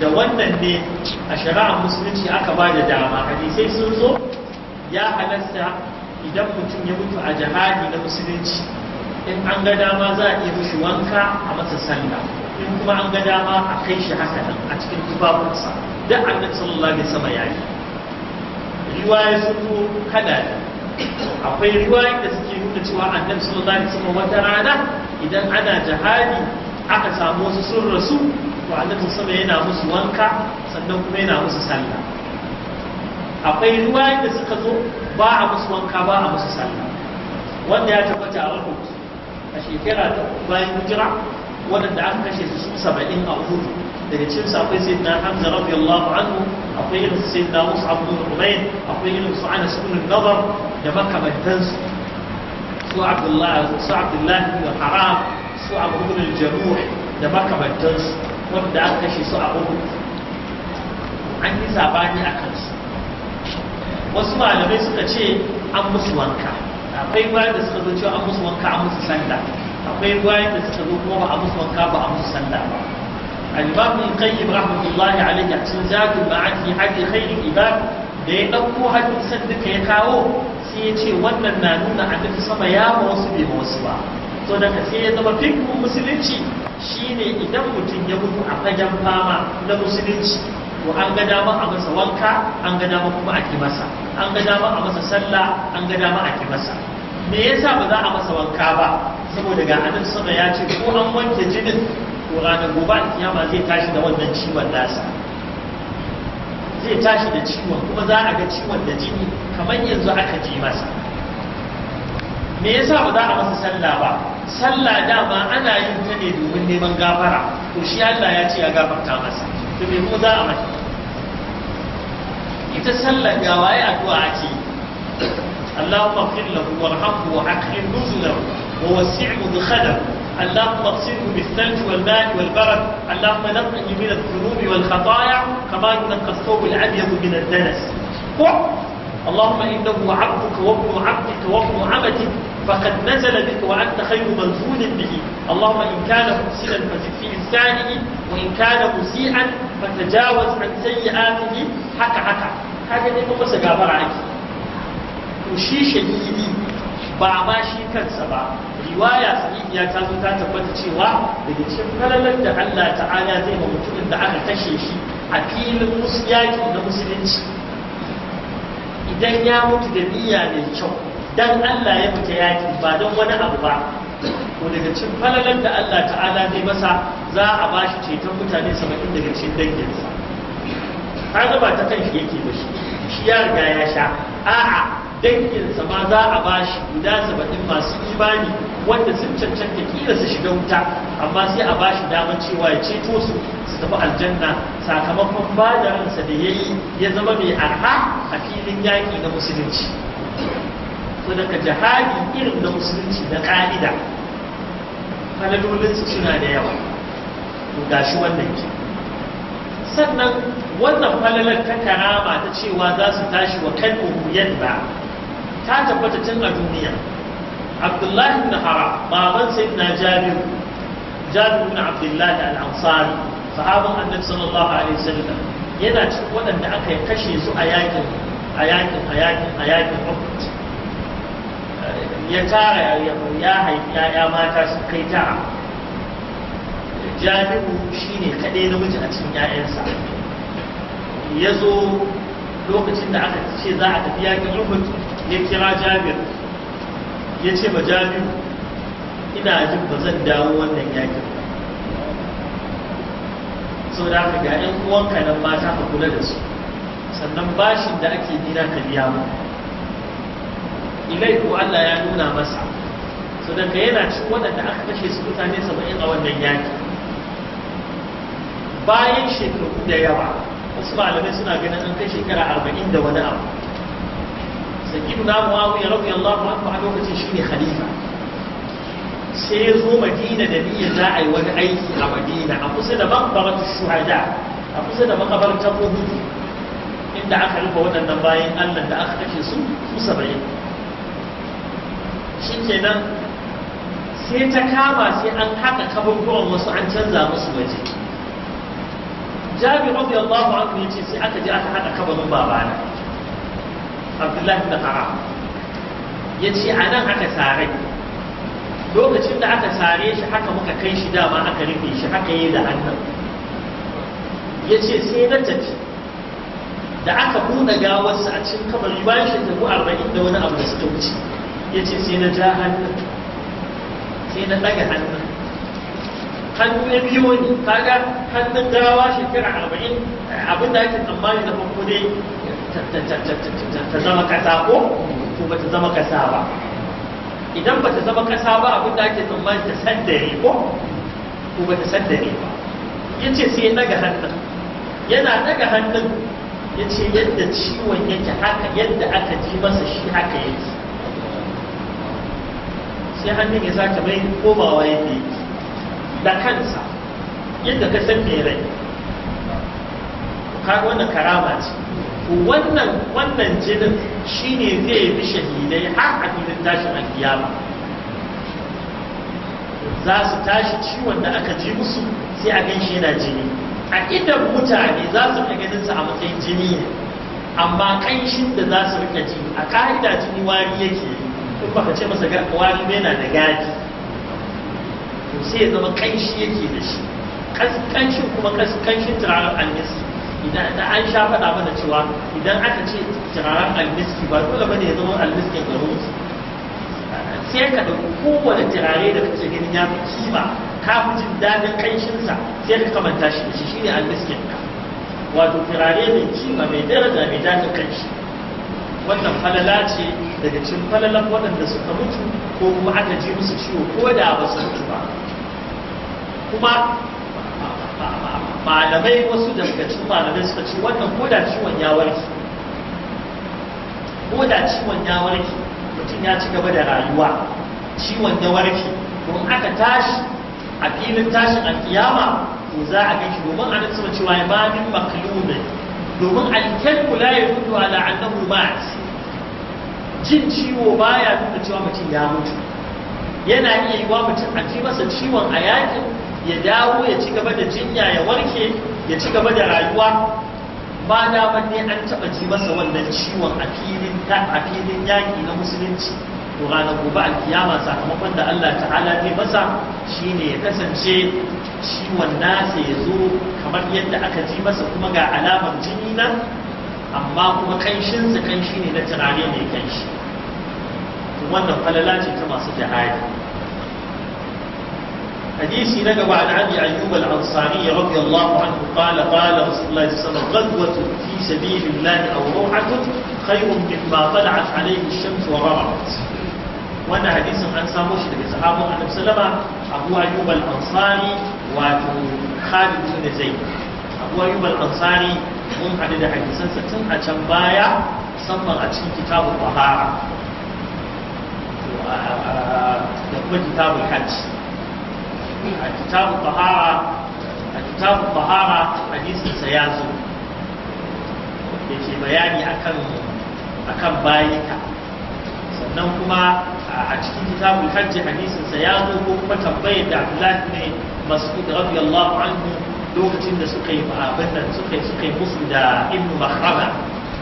da wannan ne a shari'ar musulunci aka ba da dama hadisai sun zo ya halasta idan mutum ya mutu a jihadi na musulunci in an ga dama za a iya mishi wanka a masa sallah in kuma an ga dama a kai shi haka nan a cikin tufafinsa duk annabi sallallahu alaihi wasallam ya yi riwaya sun zo kada akwai riwayoyi da suke nuna cewa annabi sallallahu alaihi wasallam wata rana idan ana jihadi aka samu wasu sun rasu to annabi sama yana musu wanka sannan kuma yana musu salla. akwai ruwa da suka zo ba a musu wanka ba a musu salla. wanda ya tabbata a uhud a shekara ta bayan hijira waɗanda aka kashe su su saba'in a uhud daga cikin su akwai sai na hamza radiyallahu anhu akwai irin su sai na musu abu umayn akwai irin su ana sunan nazar da makamantansu su abdullahi su abdullahi haram su abu jaruh da makamantansu wanda aka kashe su a uhud an yi sabani a kansu wasu malamai suka ce an musu wanka akwai bayan da suka zo cewa an musu wanka an musu sanda akwai bayan da suka zo kuma ba a musu wanka ba a musu sanda ba al-imam ibn qayyim rahmatullahi alayhi sun cikin zadul ma'ad fi hadi khairul ibad da ya dauko hadisan duka ya kawo sai ya ce wannan na nuna a annabi sama ya ma wasu bai ma wasu ba to daga sai ya zama fiqhun musulunci Shi ne idan mutum ya mutu a fagen fama na musulunci to an ga dama a masa wanka an ga dama kuma a masa an ga dama a masa sallah an ga dama a masa me yasa ba za a masa wanka ba saboda ga anan sama ya ce ko an wanke jinin to ranar gobe kiyama zai tashi da wannan ciwon nasa zai tashi da ciwon kuma za a ga ciwon da jini kamar yanzu aka ji masa me yasa ba za a masa sallah ba sallah dama ana yin ta ne domin neman gafara to shi Allah ya ce ya gafarta masa to me mu za a mai ita sallah ga waye addu'a ake Allahumma اللهم اغفر له وارحمه واكرم نزله ووسع مدخله اللهم اغسله بالثلج والماء والبرد اللهم نقه من الذنوب والخطايا كما ينقى الثوب الابيض من الدنس اللهم انه عبدك وابن عبدك وابن عبدك فقد نزل بك وأنت خير منفود به اللهم إن كان محسنا فزد في إحسانه وإن كان مسيئا فتجاوز عن سيئاته حق حق هذا اللي هو سجابر عليك وشي شديدي بعما شي كتسبا رواية صحيحة كانت تتبت تشيوا لكي تشكر لك أن الله تعالى زي ما قلت لك أن تشيشي أكيل المسيئات ومسلمين إذا يا متدنيا للشوق dan Allah ya fita yaki ba don wani abu ba ko daga cin falalan da Allah ta'ala zai masa za a ba shi ceton mutane saba'in daga cikin danginsa kaga ba ta kan shi yake ba shi shi ya riga ya sha a'a danginsa ma za a ba shi guda saba'in masu imani wanda sun cancanta kila su shiga wuta amma sai a ba shi damar cewa ya ceto su su tafi aljanna sakamakon ba da ransa da ya yi ya zama mai arha a filin yaƙi na musulunci so daga jihadi irin na musulunci na ƙa'ida Falalolinsu suna da yawa to gashi wannan ke sannan wannan falalar ta karama ta cewa za su tashi wa kan ba, ta tabbata tun a duniya abdullahi na hara baban sai na jabiru jabiru na abdullahi al'ansari sahabin annabi sallallahu alaihi wasallam yana cikin waɗanda aka kashe su a yakin a yakin a yakin a yakin ya tara ya haifi ya mata su kai ta. jami'u shi ne kaɗai namiji a cikin 'ya'yansa ya zo lokacin da aka ce za a tafi yakin uhud ya kira jami'u ya ce ba jami'u ina jin ba zan dawo wannan yakin sau da aka ga 'yan uwanka nan mata ka kula da su sannan bashin da ake dina ka biya ba ilaihu Allah ya nuna masa so da yana cikin waɗanda aka kashe su mutane saba'in a wannan yaki bayan shekaru da yawa wasu malamai suna ganin an kai shekara arba'in da wani abu sakibu na muawiya rabu yallahu anhu a lokacin shine khalifa sai ya zo madina da niyyar za a yi wani aiki a madina a kusa da makabarta shuhada a kusa da makabartar uhud inda aka rufe waɗannan bayan allah da aka kashe su su saba'in kenan sai ta kama sai an haka kaburbuwan wasu an canza musu waje jami'u radiyallahu anhu yace sai aka je aka haka kabarin babana abdullahi da ƙara. Ya ce a nan aka sare lokacin da aka sare shi haka muka kai shi dama aka rufe shi haka yi da hannun ce sai na tafi da aka buɗe gawarsa a cikin kabarin bayan shekaru arba'in da wani abu da suka wuce ya ce sai na ja hannu sai na ɗaga hannu hannu ya biyo ni kaga hannun gawa shekara arba'in abin da ake tsammani na farko dai ta zama kasa ko ko ba ta zama kasa ba idan ba ta zama kasa ba abin da ake tsammani ta saddare ko ko ba ta dare ba ya ce sai ya ɗaga hannun yana ɗaga hannun ya ce yadda ciwon yake haka yadda aka ji masa shi haka yake sai hannun ya sake mai komawa fi da kansa yadda ka san mai rai wannan karama ce wannan wannan jinin ne zai bi shahidai har a filin tashin kiyama za su tashi ciwon da aka ji musu sai a ganshi yana jini a idan mutane za su fi ganin su a matsayin jini ne amma kanshin da za su rika ji a ka'ida jini wari yake yi in ka ce masa wari ba yana da gadi to sai ya zama kanshi yake da shi kanshin kuma kanshin turaren almiski idan an sha faɗa mana cewa idan aka ce turaren almiski ba dole bane ya zama almiskin garin sai ka ɗauki kowane turare da kake ganin ya fi kima ka fi jin daɗin kanshinsa sai ka kamanta shi da shi shine almiskin ka wato turare mai kima mai daraja mai daɗin kanshi wannan falala ce daga cikin falalan waɗanda suka mutu ko kuma aka ji musu ciwo ko da ba su mutu ba kuma malamai wasu daga cikin malamai suka ce wannan ko da ciwon ya warke ko da ciwon ya warke mutum ya ci gaba da rayuwa ciwon ya warke don aka tashi a filin tashin alkiyama ko za a gashi domin anan suna cewa ya ba min maklubin domin alkalku la ya mutu ala annahu ma'at jin ciwo baya nuna cewa mutum ya mutu yana iya yi wa mutum a ji masa ciwon a yaƙin ya dawo ya ci gaba da jinya ya warke ya ci gaba da rayuwa ba daman ne an taɓa ji masa wannan ciwon a filin yaƙi na musulunci to ranar gobe alkiyama sakamakon da Allah ta'ala zai masa shine ya kasance ciwon nasa ya zo kamar yadda aka ji masa kuma ga alamar jini na amma kuma kanshinsu kanshi ne na tunani mai kanshi wannan falala ce ta masu jihadi hadisi na gaba da abi ayyub al-ansari ya rabbi Allah an qala qala rasulullah sallallahu alaihi wasallam fi sabilillah aw ruhatun khayrun min ma tala'at alayhi ash-shams wa wannan hadisin an samu shi daga sahabu annabi sallallahu abu ayyub al-ansari wa khalid bin zaid abu ayyub al-ansari mun haɗu da hadisansa tun a can baya musamman a cikin kitabun bahara da kuma kitabun hajji a kitabun bahara a hadisinsa ya zo da ke bayani akan bayika sannan kuma a cikin kitabun hajji hadisinsa ya zo ko kuma tambayar da abdullahi ne masu rabbi radiyallahu anhu lokacin da suka yi abin nan suka yi suka yi musu da ibnu mahrama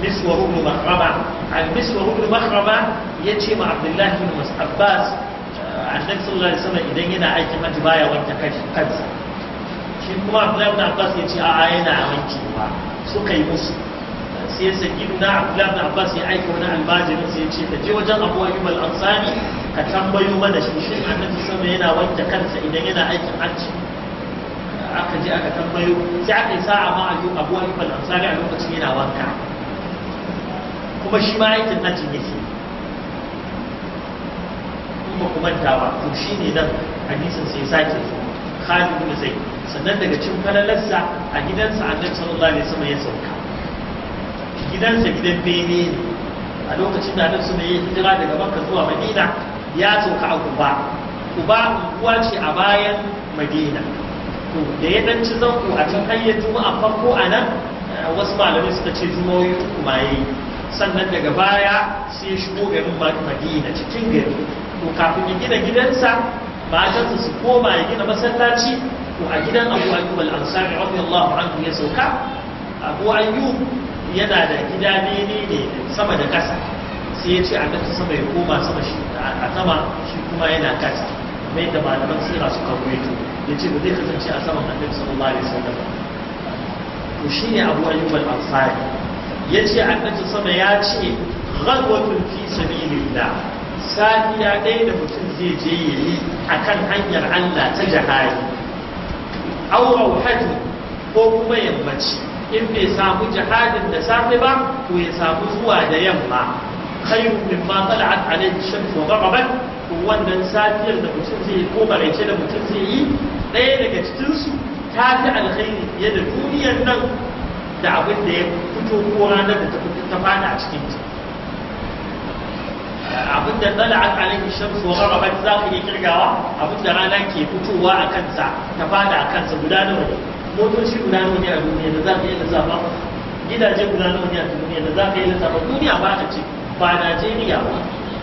miswar ibnu mahrama al miswar ibnu mahrama ya ce ma abdullahi ibn abbas eh, annabi sallallahu alaihi wasallam idan yana aikin hajji baya wanke kansa shi kuma abdullahi ibn abbas ya ce a'a yana wanki ba suka yi musu sai sayyidun na abdullahi ibn abbas ya aika wani almajirin sai ya ce ka je wajen abu ayyub al-ansari ka tambayo mana shi shin annabi sallallahu alaihi wasallam yana wanke kansa idan yana aikin hajji aka je aka tambayo sai aka yi sa'a ma a abu yi al-ansari a lokacin yana wanka kuma shi ma aikin hajjin yake kuma kuma ba to shi ne nan hadisin sai sake zo khalid bin zaid sannan daga cikin falalarsa a gidansa annabi sallallahu alaihi wasallam ya sauka gidansa gidan bene ne a lokacin da annabi sallallahu alaihi wasallam ya hijira daga makka zuwa madina ya sauka a kuba kuba unguwa ce a bayan madina da ya danci zan zanku a can hanyar ya juma'a farko a nan wasu malamai suka ce juma'a uku ma sannan daga baya sai ya shigo garin madina cikin gari to kafin ya gina gidansa matansa su koma ya gina masallaci to a gidan abu ayyub al-ansari allahu anhu ya sauka abu ayyub yana da gida bene ne sama da kasa sai ya ce a kan sama ya koma sama shi a sama shi kuma yana kasa mai da malaman sira suka ruwaito ya ce ba zai kasance a saman annabi sallallahu alaihi wasallam to shine abu ayyub al-ansari ya ce annabi sama ya ce ghadwatun fi sabilillah safiya ɗaya da mutum zai je yayi kan hanyar Allah ta jihari aw rauhatu ko kuma yammaci in bai samu jihadin da safe ba to ya samu zuwa da yamma khairu mimma tala'at alayhi shamsu gharabat to wannan safiyar da mutum zai ko barace da mutum zai yi ɗaya daga cikinsu ta fi alkhairi fiye da duniyar nan da abin da ya fito ko ranar da ta fada a cikin ta abin da dala a alaihi shamsu wa ba za ka iya kirgawa abin da rana ke fitowa a kansa ta fada a kansa guda nawa ne motoci guda nawa ne a duniya da za ka yi iya lissafa gidaje guda nawa ne a duniya da za ka yi iya lissafa duniya ba ta ce ba Najeriya ba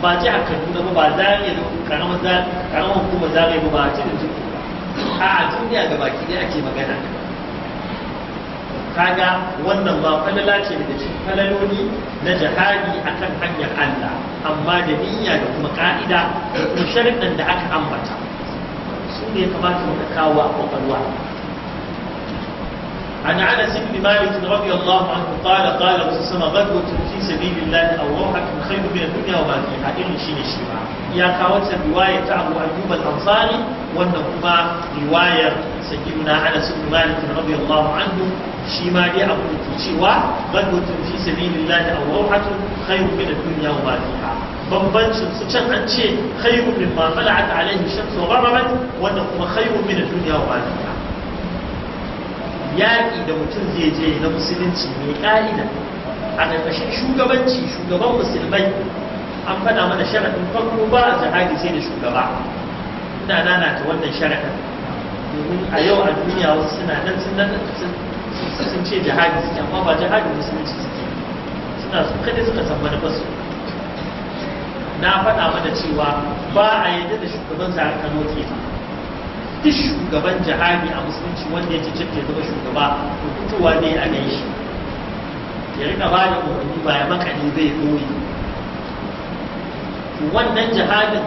ba ce a kaduna ba ba za ya karamar karamar hukumar a ba ba a ce da jiki a duniya ga baki ne ake magana kaga wannan ba falala ce daga cikin falaloli na jihadi akan hanyar Allah amma da niyya da kuma ka'ida da kuma sharuɗan da aka ambata su ne kamata mu kawo a kwakwalwa عن انس بن مالك رضي الله عنه قال قال وسلم غدوة في سبيل الله او روحة خير من الدنيا وما فيها irin shi ne shi ba ya kawo riwaya ta Abu Ayyub al-Ansari wannan kuma riwayar sayyidina Anas ibn Malik radiyallahu anhu shi ma dai abu da ke cewa gadwatun fi sabilillahi aw rawhatun khairu min ad-dunya wa ma fiha bambancin su can an ce khairu min ma tala'at alayhi yaƙi da mutum zai je na musulunci mai ƙa'ida a ƙarƙashin shugabanci shugaban musulmai an faɗa mana sharaɗin farko ba a jihadi sai da shugaba ina nana ta wannan sharaɗin domin a yau a duniya wasu suna nan sun nan sun ce jihadi suke amma ba jihadi musulunci suke suna su kada suka san manufarsu na faɗa mana cewa ba a yadda da shugaban zarar kano ke ba duk shugaban jihadi a musulunci wanda ya ci cikin zama shugaba to fitowa ne a gan shi ya rika ba da umarni ba ya makani zai ɗori wannan jihadin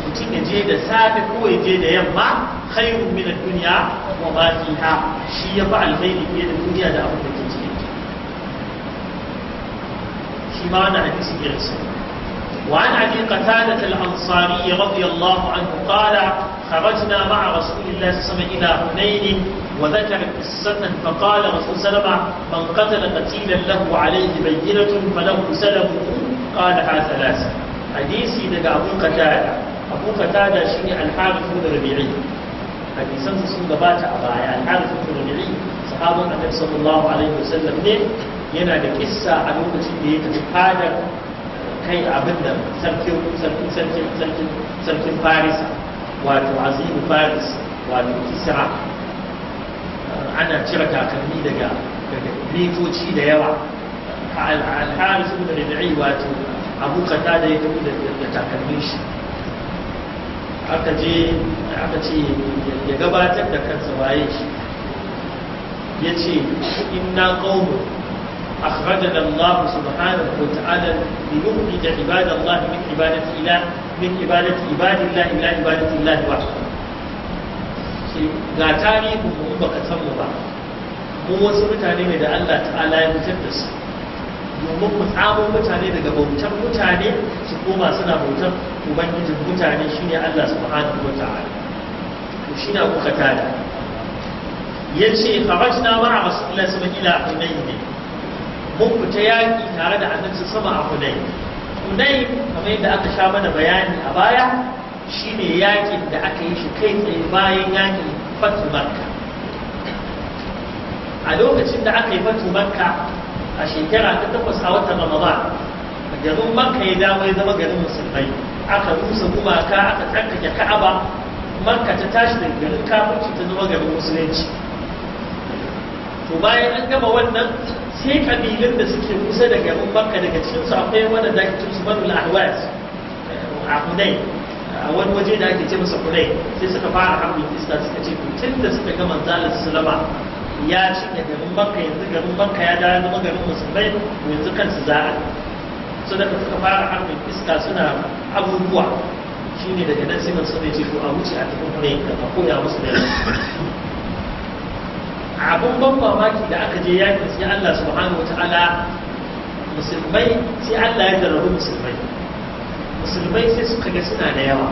mutum ya je da safe ko ya je da yamma khairu min ad-dunya wa ma fiha shi ya fa alkhairi fiye da duniya da abin da ke cikin shi ma wannan hadisi ya rasu وعن ابي قتاده الانصاري رضي الله عنه قال خرجنا مع رسول الله صلى الله عليه وسلم إلى حنين وذكر قصة فقال رسول صلى الله عليه وسلم من قتل قتيلا له عليه بينة فله سلم قالها ثلاثة حديثي لدى أبو قتادة أبو قتادة شيء الحارث بن ربيعي حديثا سن gabata a baya الحارث بن ربيعي صحابة النبي صلى الله عليه وسلم ne yana da kissa a lokacin da ya tafi fadar kai abin da sarkin sarkin sarkin sarkin sarkin farisa wato azimu faris wato kisra ana cire takalmi daga daga da yawa al-haris da rabi'i wato abu kata da ya tafi da takalmin shi aka je aka ce ya gabatar da kansa waye shi ya ce inna qaumu أخرجنا الله سبحانه وتعالى لنخرج عباد الله من عبادة إله min ibadati ibadillahi ila ibadatillahi wa ga tarihi mu baka san mu ba mu wasu mutane ne da Allah ta'ala ya fitar da su domin mu tsamo mutane daga bautar mutane su koma suna bautar ubangijin mutane shine Allah subhanahu wa ta'ala to shine abu katada yace kharajna ma'a rasulullahi sallallahu alaihi wa sallam ila hunayn mun fita yaƙi tare da annabi sama a hunayn hunai kamar yadda aka sha mana bayani a baya shine yakin da aka yi shi kai tsaye bayan yakin fatu makka a lokacin da aka yi fatu makka a shekara ta takwas a watan ramadan garin makka ya dawo ya zama garin musulmai aka rusa gumaka aka tsarkake ka'aba makka ta tashi daga garin kafirci ta zama garin musulunci to bayan an gama wannan sai kabilin da suke kusa da garin bakka daga cikin su akwai wanda da ake su banu al-ahwas eh, a hudai a wani waje da ake ce masa hudai sai suka fara harbin iska suka ce tun da suka ga manzalar sulama ya da garin bakka yanzu garin bakka ya dawo zama garin musulmai yanzu kansu za'a su da suka fara harbin iska suna abubuwa shine daga nan sai man sun ce to a wuce a cikin hudai da a koya musu da abun ban mamaki da aka je yaki sai Allah subhanahu wataala musulmai sai Allah ya zarrabu musulmai musulmai sai suka ga suna da yawa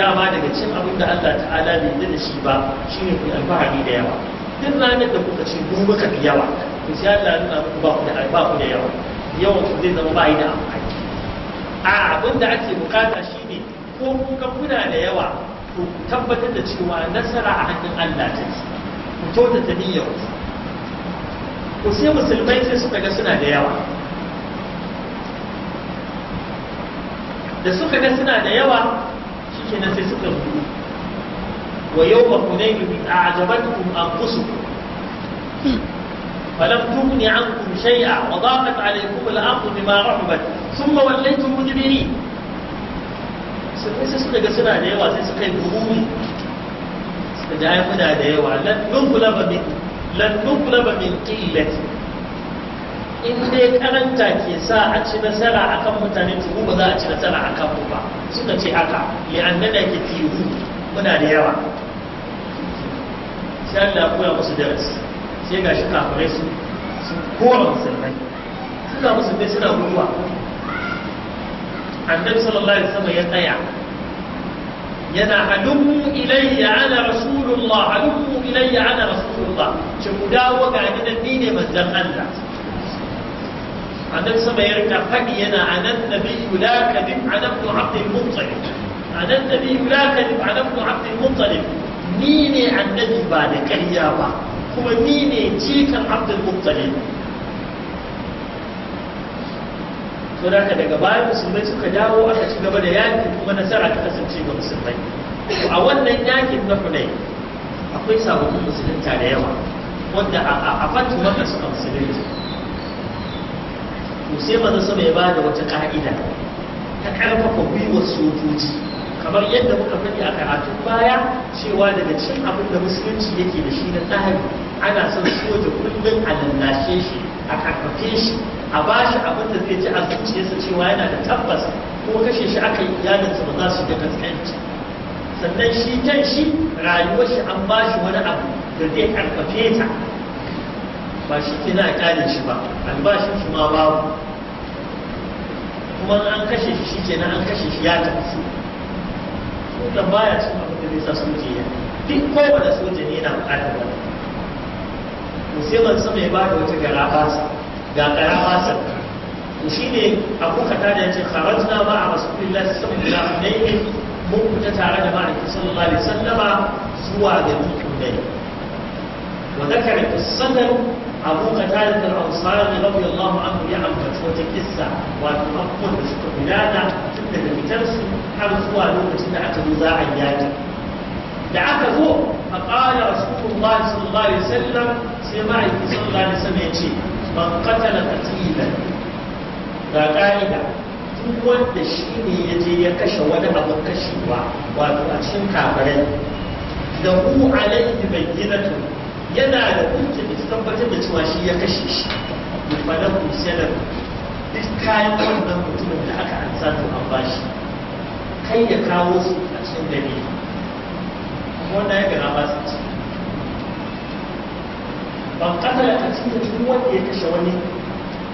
dama daga cin abin da Allah ta'ala bai yi da shi ba shine ku alfahari da yawa duk ranar da kuka ce ku muka fi yawa to sai Allah ya nuna muku ba ku da ba ku da yawa yawan ku zai zama ba yi da amfani a abin da ake bukata shine ko kuka kuna da yawa to tabbatar da cewa nasara a hannun Allah take ku kyautata niyyar ku sai musulmai sai suka ga suna da yawa da suka ga suna da yawa shi sai suka rubu wa yau ba ku ne a ajabankum anfusukum فلم تغن عنكم شيئا وضاقت عليكم الارض بما رحبت ثم وليتم مدبرين sai suka ga suna da yawa sai suka yi gururi da ji ai muna da yawa lan dunkulaba min lan dunkulaba min qillati in dai karanta ke sa a ci nasara kan mutane to mu ba za a ci nasara akan mu ba suka ce haka li annana kitiru muna da yawa sai Allah ya koya musu darasi sai gashi kafirai su sun kora musulmai musu bai suna ruwa annabi sallallahu alaihi wasallam ya tsaya ينا عدو إلي على رسول الله عدو إلي على رسول الله شمدا وقع من الدين مزل أنت عند السماء يرجع فك ينا عن النبي لا كذب عن ابن عبد المطلب عن النبي لا كذب عن ابن عبد المطلب نيني عن النبي بعد هو نيني جيك عبد المطلب so da daga baya musulmai suka dawo aka ci gaba da yaki kuma nasara ta kasance ga musulmai a wannan yakin na hunai akwai sababbin musulunta da yawa wanda a fatu maka suka musulunta to sai maza sama ya bada wata ka'ida ta karfafa gwiwar sojoji kamar yadda muka faɗi a karatun baya cewa daga cin abin da musulunci yake da shi na tsari ana son soja kullum a lallashe shi a karfafe shi a ba shi abin da zai ji a zuciyarsa cewa yana da tabbas ko kashe shi aka yi iyalinsa ba za su ga kaskanci sannan shi kan shi rayuwar shi an ba shi wani abu da zai karfafe ta ba shi ke za a kyale shi ba albashin shi ma babu kuma an kashe shi shi kenan an kashe shi ya tafi wannan baya cin abin da zai sa soja ya duk kowane soja ne yana bukatar wani sai man sama ya ba da wata gara ba ga karawa sarki to shi ne abu ka da ya kharajna ma a rasulullahi sallallahu alaihi wasallam mun fita tare da ma'aikin sallallahu alaihi wasallama zuwa ga dukkan dai wa zakara sanan abu ka kata da al-ansari radiyallahu anhu ya amka ko ta kissa wato abubuwan da suka gudana tun daga fitarsu har zuwa lokacin da aka zo za a yaki da aka zo فقال رسول الله صلى الله عليه وسلم سمعت صلى الله عليه وسلم man katala qatilan ga ka'ida duk wanda shi ne ya je ya kashe wani abu kashewa wato a cikin kafirai da ku alaihi bayyinatu yana da hujja da tabbatar da cewa shi ya kashe shi yufadan sanar duk kayan wannan mutumin da aka ansa to an bashi kai ya kawo su a cikin dalili kuma wannan ya na ba su ban katala a cikin duk wanda ya kashe wani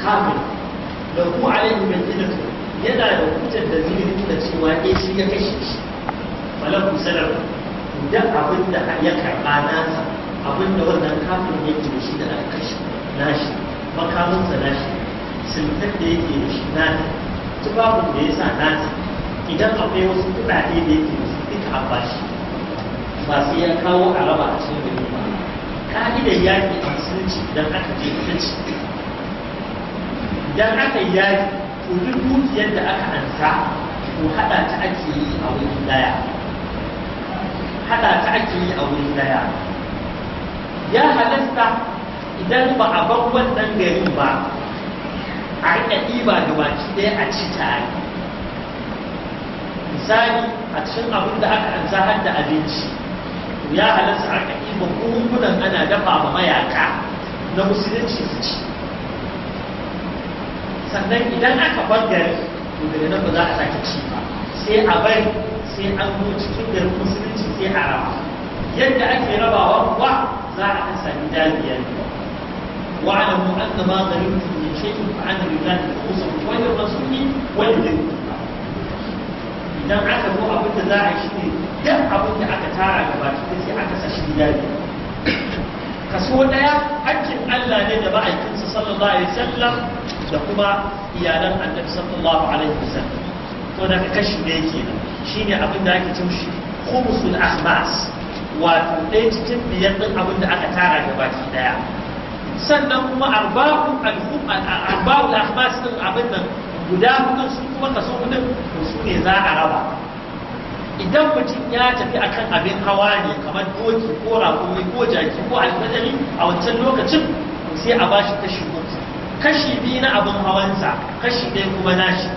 kafin da ku alaihi bai gina yana da hujjar da zai da cewa ya eh, shi ya kashe shi malaku sanar duk abin da ya karɓa nasa abin da wannan kafin ya da shi da aka kashe nashi makamansa nashi sintar da yake da shi nasa tufafin da ya sa nasa idan akwai wasu kuɗaɗe da yake da su duka a bashi ba sai ya kawo a raba a cikin gari ka'idar yaki a musulunci idan aka je ita ce idan aka yi yaki to duk dukiyar da aka ansa ko haɗa ta ake yi a wuri ɗaya hada ta ake yi a wuri daya ya halasta idan ba a bar wannan gari ba a rika ɗiba da baki ɗaya a ci tare misali a cikin abin da aka ansa har da abinci ya halarta aka kima kungunan ana dafa ma mayaka na musulunci su ci sannan idan aka bar gari to daga nan ba za a sake ci ba sai a bari sai an zo cikin garin musulunci sai a raba yadda ake rabawa kuwa za a kan sami jami'ar wa'alamu annama gharimtum min shay'in fa'ana lillahi khumsuhu wa lirrasuli wa lil idan aka zo abin da za a shi ne duk abin da aka tara gaba cikin sai aka sa shi gida biyu kaso daya hakkin Allah ne da ma'aikinsa sallallahu alaihi wasallam da kuma iyalan annabi sallallahu alaihi wasallam to da kashi ne kenan shine abin da ake cin shi khumusul ahmas wato ɗaya cikin biyar ɗin abin da aka tara gaba ki daya sannan kuma arba'u al-khum al-arba'u al-ahmas din abin nan guda hudun sun kuma kaso hudun to su ne za a raba idan mutum ya tafi akan abin hawa ne kamar doki ko rakumi ko jaki ko alfajari a wancan lokacin sai a bashi kashi uku kashi biyu na abin hawansa kashi ɗaya kuma nashi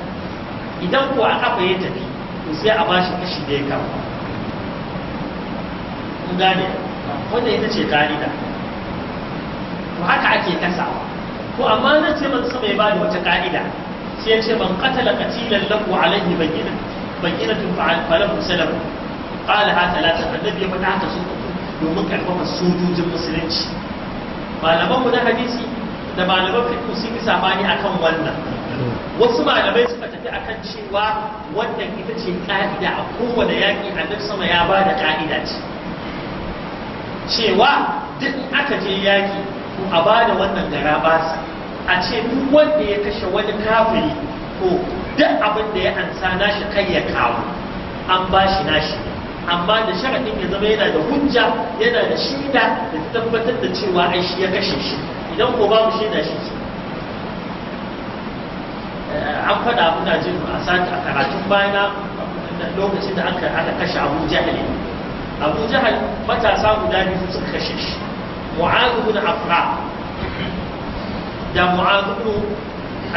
idan ko a kafa ya tafi to sai a bashi kashi ɗaya kan kun gane wanda ita ce ka'ida to haka ake kasawa ko amma na ce masu sama ya bada wata ka'ida sai ya ce ban katala katilan lahu alayhi bayyina bayyinatun falahu salam qala ha talata annabi ya faɗa haka su domin karfafa sojojin musulunci malaman mu na hadisi da malaman fiqh sun yi sabani akan wannan wasu malamai suka tafi akan cewa wannan ita ce ka'ida a kowane yaƙi annabi sama ya ba da ka'ida ce cewa duk aka je yaƙi ko a ba da wannan gara basa a ce duk wanda ya kashe wani kafiri ko duk abin da ya ansa nashi kai ya kawo an ba shi nashi amma da sharadin ya zama yana da hujja yana da shida, da tabbatar da cewa ai shi ya kashe shi idan ko babu shida shi ke eh, an faɗa muna jin a sati a karatun bayana lokacin da aka aka kashe Abu Jahal Abu Jahal matasa guda biyu suka kashe shi Mu'adh ibn Afra da mu'adudu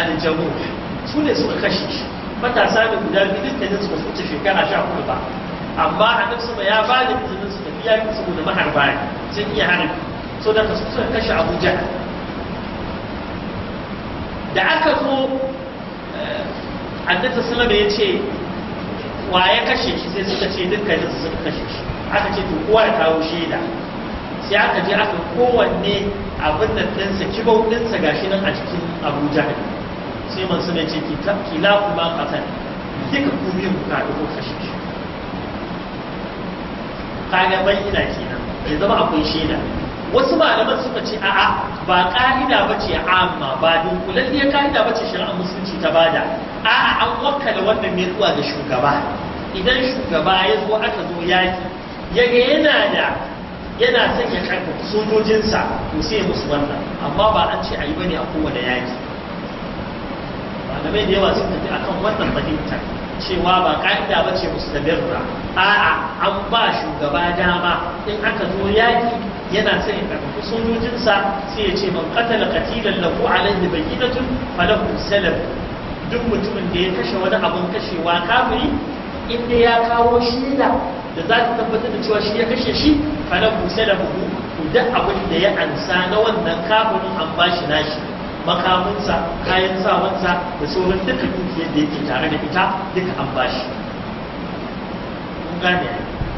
aljamu su ne suka kashe shi matasa ne guda biyu dukkanin su fice shekara sha hudu ba amma duk sama ya ba da izinin su tafiya ne saboda maharba ne sun iya harin so da su suka kashe abuja da aka zo ta eh, sallama ya ce wa ya kashe shi sai suka ce dukkanin su suka kashe shi aka ce to kowa ya kawo shaida sai aka je aka kowanne abin da ɗinsa kibau ɗinsa shi nan a cikin abuja ne sai masu ne ce kila kuma kasan duka ku biyu ku kaɗu ko kashe shi kaga ke kenan ya zama akwai shaida wasu malaman suka ce a'a ba ka'ida ba ce amma ba dunkulalliyar ka'ida ba ce shari'ar musulunci ta bada a'a an wakala wannan ne zuwa da shugaba idan shugaba ya zo aka zo yaki yaga yana da yana son ya karfafa sojojinsa to sai musu wannan amma ba an ce a yi bane a kowane yaki malamai da yawa sun tafi akan wannan fahimtar cewa ba ka'ida ba ce musu da birra a'a an ba shugaba dama in aka zo yaki yana son ya karfafa sojojinsa sai ya ce man qatala qatilan lahu alayhi bayyinatun falahu salam duk mutumin da ya kashe wani abun kashewa kafiri in ya kawo shida da za ta tabbatar da cewa shi ya kashe shi fala kusa da ku duk abin da ya ansa na wannan kafirin an bashi nashi makamunsa kayan sawansa da sauran duka dukiyar da yake tare da ita duka an bashi gane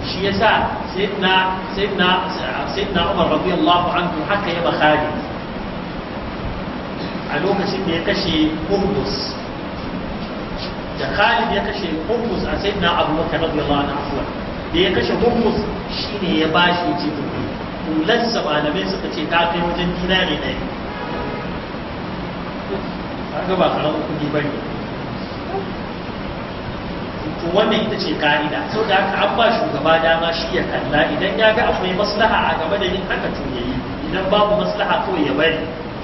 shi yasa sayyidina sayyidina sayyidina Umar radiyallahu anhu haka ya Bukhari a lokacin da ya kashe Hurmus da Khalid ya kashe Hurmus a sayyidina Abu Bakar radiyallahu anhu da ya kashe shi ne ya bashi jibu kulan malamai suka ce ta kai wajen na yi kaga ba karamin kuɗi ba ne Ko wannan ita ce ka'ida sau da haka an ba shugaba dama shi ya kalla idan ya ga akwai maslaha a gaba da yin haka to yi idan babu maslaha kawai ya bari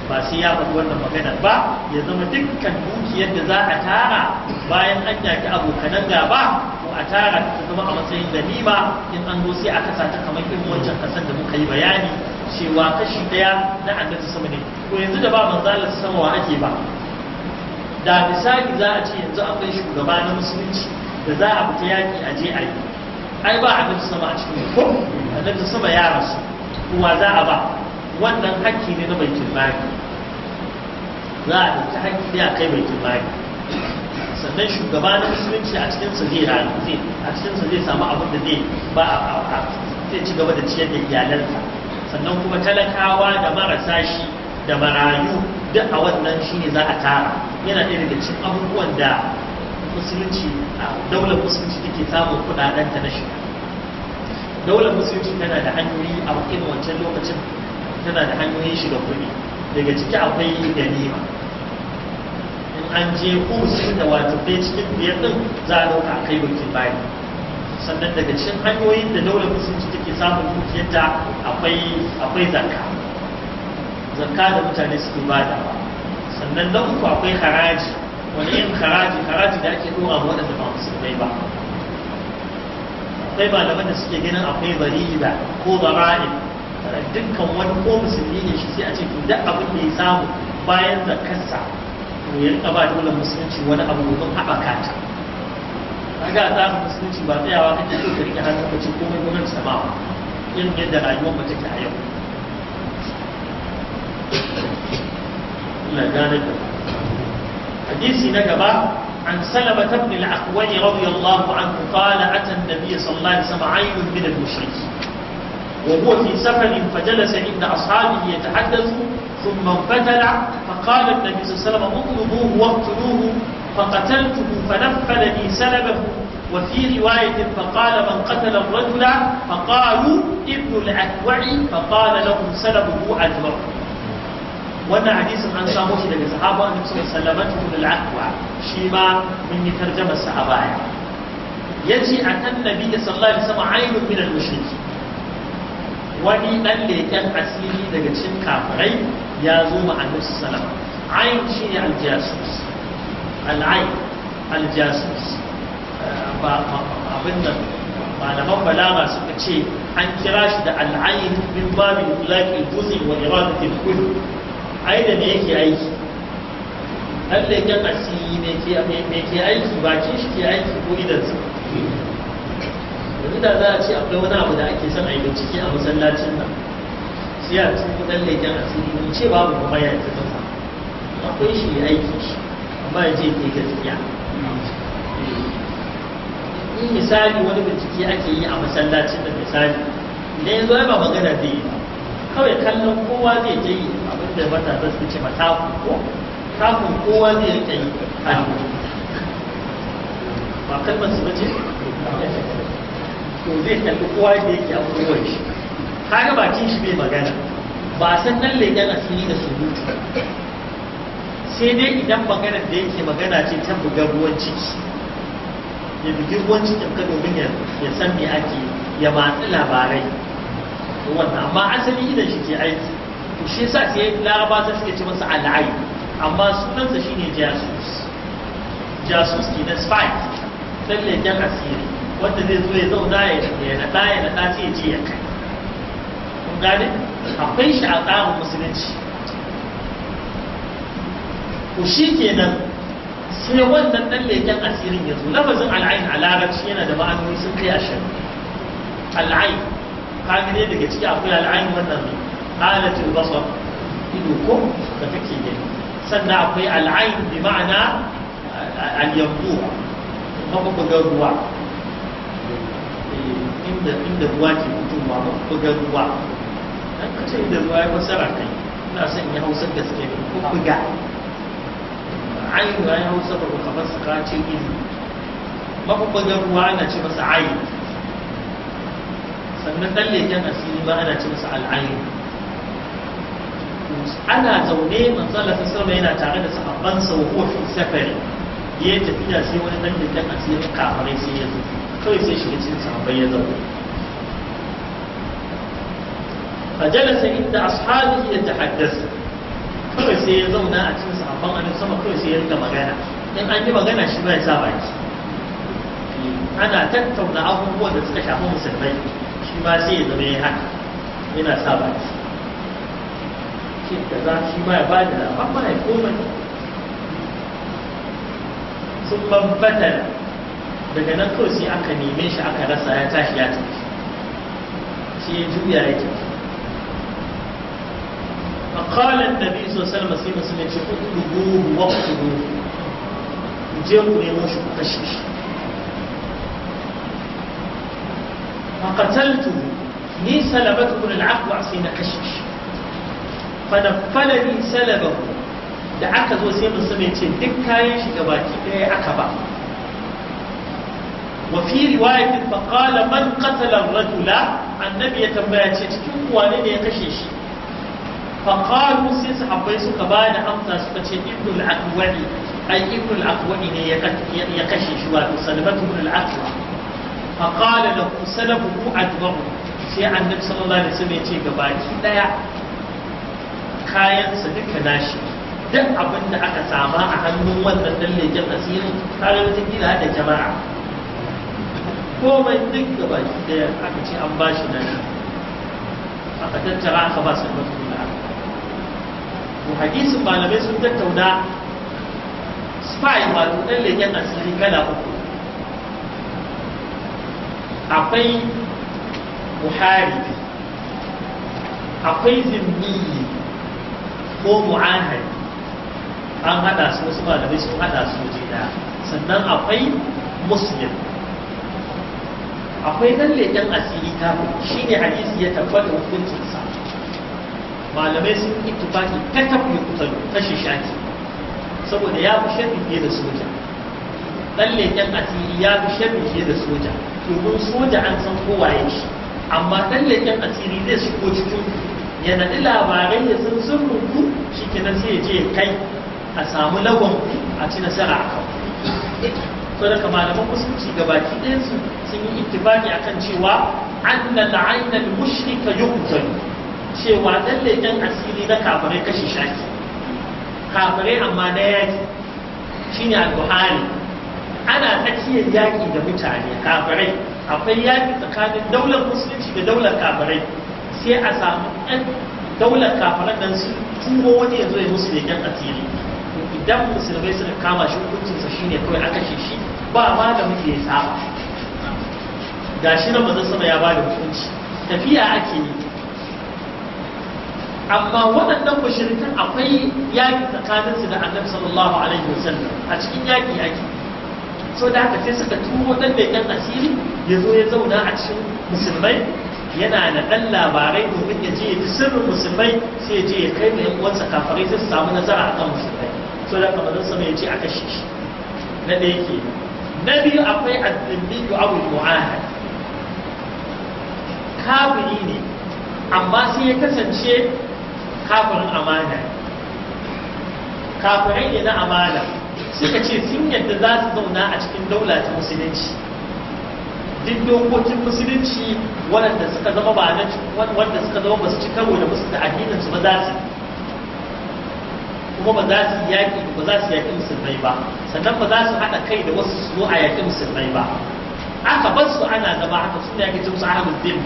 ba sai ya faɗi wannan magana ba ya zama dukkan dukiyar da za a tara bayan an yaki abokanan ba ko a tara ta zama a matsayin ganima in an zo sai a kasa ta kamar irin wancan kasar da muka yi bayani cewa kashi ɗaya na annabi sama ne ko yanzu da ba manzalar sama wa ake ba da misali za a ce yanzu akwai shugaba na musulunci da za a fita yaƙi a je a yi ai ba annabi sama a cikin ko annabi sama ya rasu kuma za a ba wannan hakki ne na mai kimani za a ɗauki haƙƙi sai a kai mai kimani sannan shugabanin na musulunci a cikinsa zai rana a zai samu abin da zai ba a zai ci gaba da ciyar da iyalansa sannan kuma talakawa da marasa shi da marayu duk a wannan shine za a tara yana ɗaya daga cikin abubuwan da musulunci a daular musulunci take samun kuɗaɗenta na shiga daular musulunci tana da hanyoyi a wakilin wancan lokacin tana da hanyoyin shiga kuɗi daga ciki akwai ganima in an je kusin da wato bai cikin biyar ɗin za a ɗauka a kai wakil bai. sannan daga cikin hanyoyin da daular musulunci take samun dukiyarta akwai akwai zakka zakka da mutane suke ba sannan na uku akwai haraji wani yin haraji haraji da ake ɗora wa waɗanda ba musulmai ba akwai malaman da suke ganin akwai bariza ko bara'in dukkan wani ko musulmi ne shi sai a ce to duk abin da ya samu bayan da kansa to ya rika ba dole musulunci wani abu don haɓaka ta kaga a tsarin musulunci ba tsayawa kake so ka rike hannun ce komai gwamnati ta ba irin yadda rayuwar mace take a yau Allah gane ka hadisi na gaba عن سلمة بن الأقوى رضي الله عنه قال أتى النبي صلى الله عليه وسلم عين من المشركين وهو في سفر فجلس عند أصحابه يتحدث ثم انفتل فقال النبي صلى الله عليه وسلم اطلبوه واقتلوه فقتلته فنفل فنفلني سلبه وفي رواية فقال من قتل الرجل فقالوا ابن الأكوع فقال لهم سلبه أجوع وانا عديث عن ساموش لك صحابة نفسه سلمته من الأكوع شيما من ترجمة الصحابة يجي أتى النبي صلى الله عليه وسلم عين من المشركين wani dan leken asiri daga cikin kafirai ya zo ma annabi wasallam ayin ne aljasus al'ain aljasus eh, ba abin nan malaman balama suka ce an kira shi da al'ayin min babin lafi buzi wa iradatil kull da ne yake aiki dan leken asiri ne ke aiki ba shi ke aiki ko idan sa yanzu da za a ce akwai wani abu da ake son a yi bincike a masallacin nan sai a cikin kudan leken asiri mun ce babu kuma ya ta kasa akwai shi ya aiki shi amma ya ce ke gaskiya in misali wani bincike ake yi a masallacin da misali idan yanzu ai ba magana zai yi kawai kallon kowa zai je yi abinda matasa su ce mataku ko kafin kowa zai rike yi ba kalmar su ba ce to zai tafi kowa da yake a kowar shi kaga bakin shi bai magana ba san nan leƙen asiri da surutu sai dai idan maganar da yake magana ce ta buga ruwan ciki ya bugi ruwan ciki ka domin ya san me ake ya matsi labarai wannan amma asali idan shi ke aiki to shi yasa sai yi ta suke ci masa al'ayi amma sunansa shine jasus jasus ke na spy sai leƙen asiri wanda zai zo ya zauna ya nata ya nata ce ya ce ya kai kun gane akwai shi a tsarin musulunci ku shi nan sai wannan ɗan leken asirin ya zo lafazin al'ain a larabci yana da ma'anoni sun kai a ashirin al'ain ka ne daga ciki akwai al'ain wannan halatul basar ido ko da take gani sannan akwai al'ain bi ma'ana al-yanzu ga ruwa inda inda ruwa ke mutum ba ga ruwa dan ka ce inda ruwa ya fasara kai ina son ya hausa gaske suke ko buga ayin ya hausa ba ku kamar su kace ko ga ruwa ana ce masa ayin sannan dan leken asiri ba ana ce masa al'ayin ana zaune manzala ta sama yana tare da sahabban sau kofi safari ya tafiya sai wani dan leken asiri kafarai sai ya zo kawai sai shiga cikin sahabbai ya zaune فجلس عند أصحابه يتحدث kawai sai ya zauna a cikin sahabban annabi sama kawai sai ya rika magana in an yi magana shi bai sa baki ana tattauna abubuwan da suka shafi musulmai shi ma sai ya zama ya haka yana sa shi za shi ya da ya koma sun daga nan kawai sai aka neme shi aka rasa ya tashi ya tafi shi ya juya ya tafi فقال النبي صلى الله عليه وسلم سيما سيما اطلبوه واقتلوه جاءوا يموشوا تشويش فقتلته لي سلبته من العقل عصينا كشش فنفلني سلبه دعك زو سيما سيما يتشي دك كاي شكباكي اي اكبا وفي رواية فقال من قتل الرجل النبي يتبعي تشكو وانين يتشيش فقالوا سيس حبيس كبان أمسى سكتشي ابن ne ya kashe الأكوع يكشي شوال سلمة بن الأكوع فقال له سلمه أدوعه sai annabi sallallahu alaihi wasallam ya ce ga baki daya kayansa duka nashi duk abin da aka sama a hannun wannan dan leken asirin kayan ta gida da jama'a komai duk ga daya aka ce an bashi nashi aka tattara aka ba su hadisin malamai sun tattauna spy wato ɗan leken asiri kala uku akwai muharibi akwai zimmiyi ko mu'ahari an haɗa su wasu malamai sun haɗa su waje da sannan akwai muslim akwai ɗan leken asiri ta shi ne hadisi ya tabbata hukuncinsa malamai sun ittifaki ta tafi kutar kashe shaki saboda ya fi shafi fiye da soja dan leƙen asiri ya fi shafi fiye da soja domin soja an san ya shi amma dan leƙen asiri zai shigo cikin ya naɗi labarai ya sun sun rubu shi kenan sai ya je kai a samu lagon a ci nasara a kan to daga malaman musulunci gabaki ɗayansu sun yi ittifaki akan cewa annal ainal mushrika yuqtalu cewa dan leƙen asiri na kafirai kashi shaki kafirai amma na yaki shine al-buhari ana tsakiyar yaki da mutane kafirai akwai yaki tsakanin daular musulunci da daular kafirai sai a samu ɗan daular kafirai nan su tuwo wani yanzu ya musu leƙen asiri idan musulmai suka kama shi hukuncinsa shine kawai aka shi shi ba ma da muke saba shi na mazan sama ya ba da hukunci tafiya ake yi amma waɗannan mashirikan akwai yaƙi tsakaninsu da annabi sallallahu alaihi wasallam a cikin yaƙi ake so da haka sai suka turo dan da ɗan asiri ya zo ya zauna a cikin musulmai yana da ɗan labarai domin ya je ya ji sirrin musulmai sai ya je ya kai mai wasa kafarai sai su samu nazara a kan musulmai so da kamar sama ya ce a kashe shi na ɗaya ke na biyu akwai addini abu mu'ahad kafiri ne amma sai ya kasance kafin amana kafin ne na amana suka ce sun yadda za su zauna a cikin daula ta musulunci duk dokokin musulunci waɗanda suka zama ba na wanda suka zama ba su ci karo da musu da addinin su ba za su kuma ba za su yaƙi ba za su yaƙi musulmai ba sannan ba za su haɗa kai da wasu su a yaƙi musulmai ba aka bar su ana zama haka suna yaƙi musu ahlul din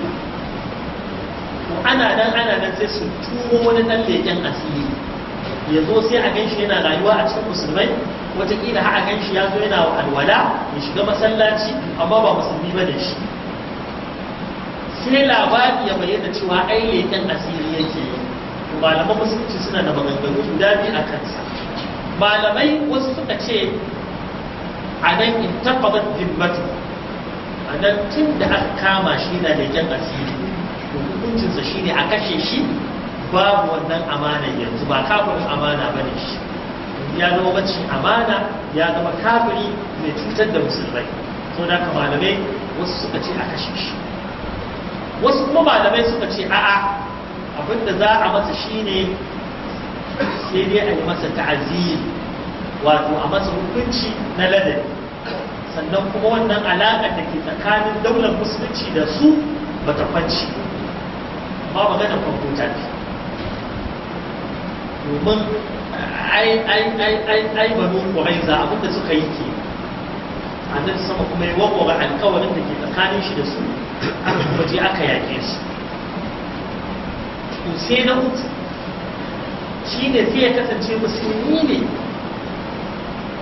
ana nan ana dan sai su tuwo wani dan leƙen asiri ya sai a gan yana rayuwa a cikin musulmai wataƙila har a gan shi ya zo yana wa alwala ya shiga masallaci amma ba musulmi ba da shi sai labari ya bayyana cewa ai leƙen asiri yake yi malaman musulunci suna da maganganu guda biyu a kansa malamai wasu suka ce a nan in tabbatar dimmatu a nan tun da aka kama shi na leƙen asiri hukuncinsa ne a kashe shi babu wannan amana yanzu ba kafin amana ba ne shi ya zama mace amana ya zama kafiri mai cutar da musulmai sau da ka malamai wasu suka ce a kashe shi wasu kuma malamai suka ce a'a abinda za a masa shi ne sai dai a yi masa ta'aziyyi wato a masa hukunci na ladabi sannan kuma wannan alaƙar da ke tsakanin daular musulunci da su ba ta kwanci ba magana kwamfuta ne domin ai banu ƙwaiza abinda suka yi ke annan sama kuma yi ga alkawarin da ke tsakanin shi da su aka kuma je aka yaƙe su to sai na mutu shi ne sai ya kasance musulmi ne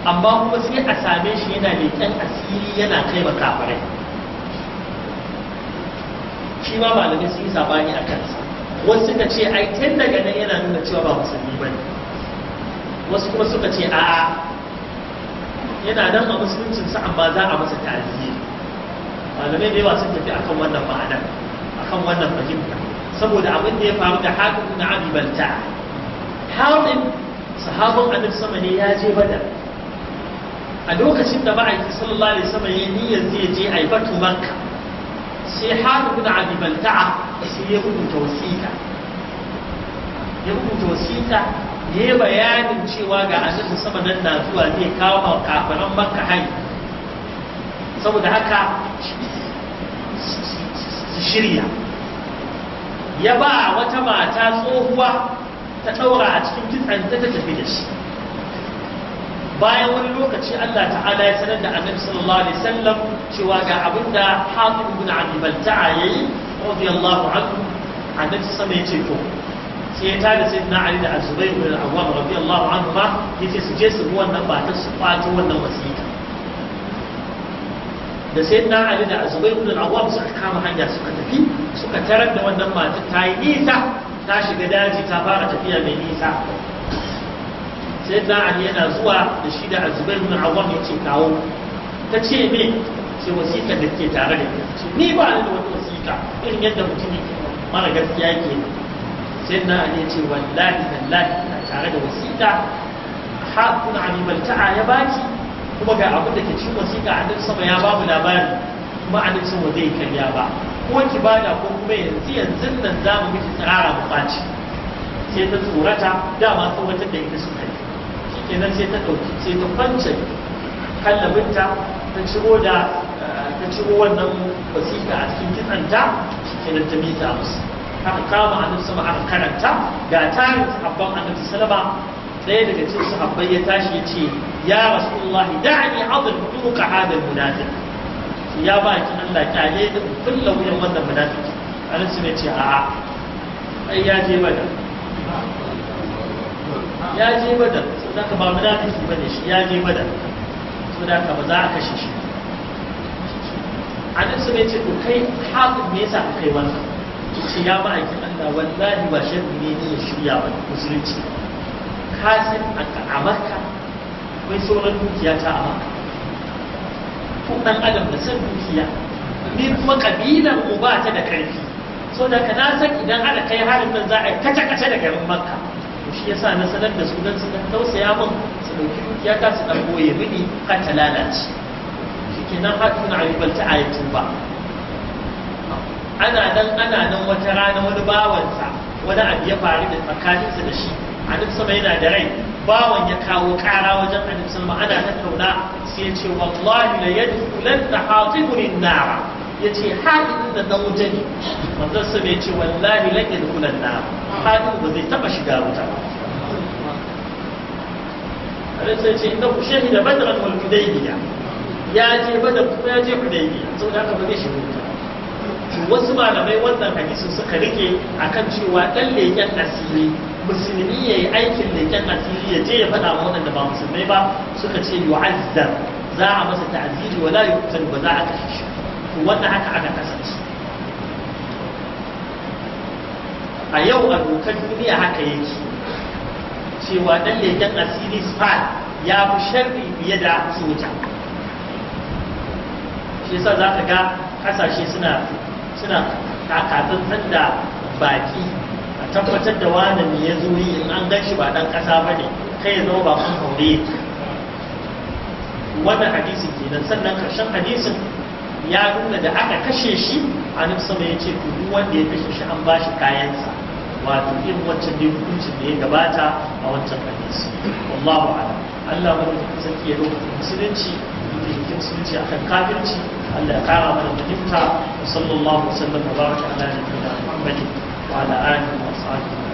amma kuma sai a same shi yana leƙen asiri yana kai makafarai shi ma malamai sun yi sabani a kansa wasu suka ce ai tun daga nan yana nuna cewa ba musulmi ba ne wasu kuma suka ce a'a yana nan a musuluncinsa amma za a masa tarihi malamai da yawa sun tafi akan wannan ma'anar akan wannan fahimta saboda abin da ya faru da hakan na abibanta haɗin sahabon annabi sama ne ya je badar a lokacin da ma'aiki sallallahu alaihi wasallam ya niyyar zai je a yi batu makka sai da guda abibanta a sai ya rubuta wasiƙa ya rubuta wasiƙa ya yi bayanin cewa ga annabi sama nan na zuwa zai kawo kafinan makka hari saboda haka su shirya ya ba wata mata tsohuwa ta ɗaura a cikin kitsan ta tafi da shi bayan wani lokaci Allah ta'ala ya sanar da annabi sallallahu alaihi wasallam cewa ga abinda Hatib ibn Abi Balta'a yayi radiyallahu anhu annabi sama yace to sai ya tada sai na Ali da Zubair ibn Al-Awwam radiyallahu anhu ba yace su je su bi wannan batar su kwato wannan wasiƙa da sai na Ali da Zubair ibn Al-Awwam suka kama hanya suka tafi suka tarar da wannan matar ta yi nisa ta shiga daji ta fara tafiya mai nisa sai da ali yana zuwa da shi da azubair bin awam ya ce kawo ta ce me sai wasiƙa da ke tare da ita ni ba ni da wata wasiƙa irin yadda mutum yake mara gaskiya ke sai na ali ya ce wallahi wallahi na tare da wasiƙa hakun amimal ta'a ya baki kuma ga abin da ke cin wasiƙa a annabi sama ya babu labari kuma a annabi sama zai karya ba ko ki bada ko kuma yanzu yanzu nan za mu miki tsirara mu ɓaci sai ta tsorata dama tsawatar da ita suka kenan sai ta ɗauki sai ta kwance kallabinta ta ciro da eh, ta ciro wannan wasiƙa a cikin kitsanta kenan ta mita musu aka kama annabi sama aka karanta ga tarin sahabban annabi salama ɗaya daga cikin sahabbai ya tashi ya ce ya rasulullahi da'ani adal duka hadal munafiq ya ba ki Allah kyale da kullu wuyan wannan munafiki annabi ne ce a'a ai ya je ba da. ya je badar zaka da mu ba su bane shi ya je badar su zaka ba za a kashe shi anan su ne ce kai haku me yasa ka kai wannan ce ya ba aiki Allah wallahi ba sharri ne ne shirya ba musulunci ka san a Makka akwai sauran dukiya ta a Makka ko dan adam da san dukiya ni kuma ko ba ta da karfi so da ka na san idan aka kai harin nan za a kace kace da garin Makka to shi yasa na sanar da su don su dan tausaya min su dauki dukiya ta su dan mini har ta lalace shikenan har tun ayyukan ta ayatu ba ana nan ana nan wata rana wani bawansa wani abu ya faru da tsakaninsa da shi annabi sama yana da rai bawan ya kawo kara wajen annabi sama ana tattauna sai ya ce wallahi la yadkhulanna hatibun nara ya ce haɗin da na wuta ne manzon sa ya ce wallahi la yadkhulan nar haɗin ba zai taɓa shiga wuta ba Allah sai ce inda ku shehi da badar al hudaybiya ya je badar kuma ya je hudaybiya saboda haka ba zai shiga wuta wasu malamai wannan hadisi suka rike akan cewa ɗan leƙen asiri musulmi ya yi aikin leƙen asiri ya je ya faɗa wa waɗanda ba musulmai ba suka ce yu'azzar za a masa ta'aziri wala yuqtal ba za a kashe shi wannan haka aka kasance a yau a dokar duniya haka yake cewa dan leken asiri spad ya fi sharri fiye da soja shi yasa za ka ga kasashe suna suna takatsantsan da baki a tabbatar da wani ne ya zo yi in an gan shi ba dan kasa ba ne kai ya zama bakon kun haure wannan hadisin kenan sannan karshen hadisin ya nuna da aka kashe shi a nan sama ya ce to duk wanda ya kashe shi an bashi kayansa wato irin wancan da hukuncin da ya gabata a wancan hadisi wallahu a'lam Allah mu da sarki ya rubuta musulunci da yake musulunci akan kafirci Allah ya kara mana fahimta sallallahu alaihi wa sallam wa baraka ala nabiyina Muhammad wa ala alihi wa sahbihi